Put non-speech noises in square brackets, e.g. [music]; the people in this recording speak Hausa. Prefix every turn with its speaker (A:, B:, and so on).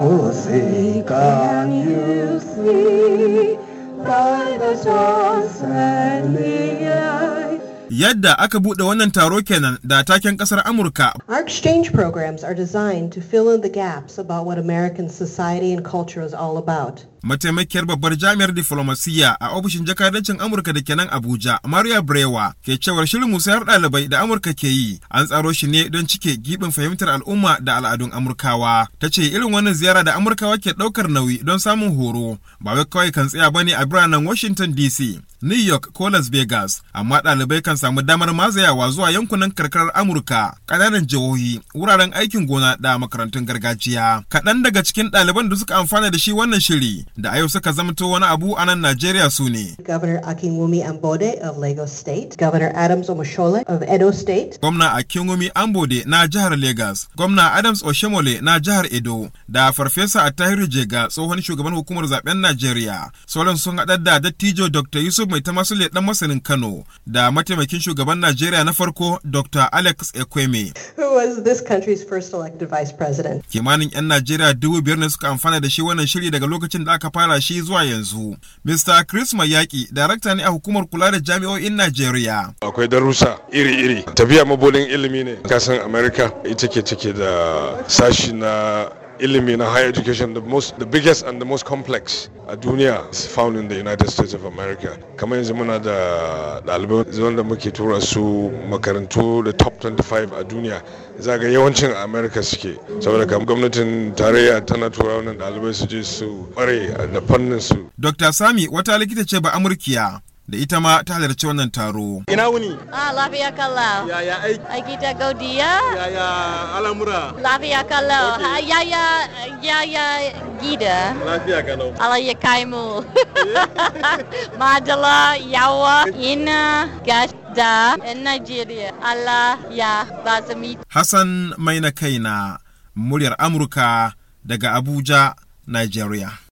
A: Oh, see, can you see
B: by the dawn's early
A: Yadda aka buɗe wannan taro kenan da taken ƙasar Amurka.
B: Our exchange programs are designed to fill in the gaps about what American society and culture is all about.
A: Mataimakiyar babbar jami'ar diflomasiyya a ofishin jakadancin Amurka da kenan Abuja, Maria Brewa, ke cewar shirin musayar ɗalibai da Amurka ke yi an tsaro shi ne don cike gibin fahimtar al'umma da al'adun Amurkawa. Ta ce irin wannan ziyara da Amurkawa ke ɗaukar nauyi don samun horo, ba wai kawai kan tsaya bane a biranen Washington DC. New York ko Las Vegas, amma ɗalibai kan samu damar mazayawa zuwa yankunan karkarar Amurka, ƙananan jihohi, wuraren aikin gona da makarantun gargajiya. Kaɗan daga cikin ɗaliban da suka amfana da shi wannan shiri da a yau suka zamto wani abu a nan Najeriya su ne.
B: Governor Akinwumi Ambode of Lagos State, Governor Adams Omoshole of Edo State.
A: Gwamna Akinwumi Ambode na jihar Lagos, Gwamna Adams Oshemole na jihar Edo, da Farfesa Attahiru Jega tsohon shugaban hukumar zaben Najeriya. Sauran sun haɗar da dattijo Dr. Yusuf Yusuf Mai Tamasule dan masanin Kano da mataimakin shugaban Najeriya na farko Dr. Alex Ekweme.
B: Who this country's first vice president?
A: Kimanin 'yan Najeriya dubu biyar ne suka amfana da shi wannan shiri daga lokacin da aka fara shi zuwa yanzu. Mr. Chris Mayaki, darakta ne a hukumar kula da jami'o'in Najeriya.
C: Akwai darussa iri-iri. Tafiya mabolin ilimi ne. Kasan Amerika ita ke cike da sashi na ilimi na higher education the most the biggest and the most complex a duniya is found in the United States of America kamar yanzu muna da ɗalibai da muke tura su makarantu da top 25 a duniya za ga yawancin America suke saboda kam gwamnatin tarayya tana tura wannan ɗalibai su je su bare da fannin su
A: Dr. Sami wata likita ce ba Amurkiya da ita ma ta halarci wannan taro. Ina
B: wuni? Ah, lafiya kalla. Yaya aiki? Aiki ta gaudiya? Yaya al'amura? Lafiya kalla. Yaya yaya gida? Lafiya kalla. Allah ya kai mu. [laughs] Madala, yawa, ina, gash. da Najeriya. Allah ya bazumi.
A: Hassan Maina Kaina, muryar Amurka daga Abuja, Nigeria.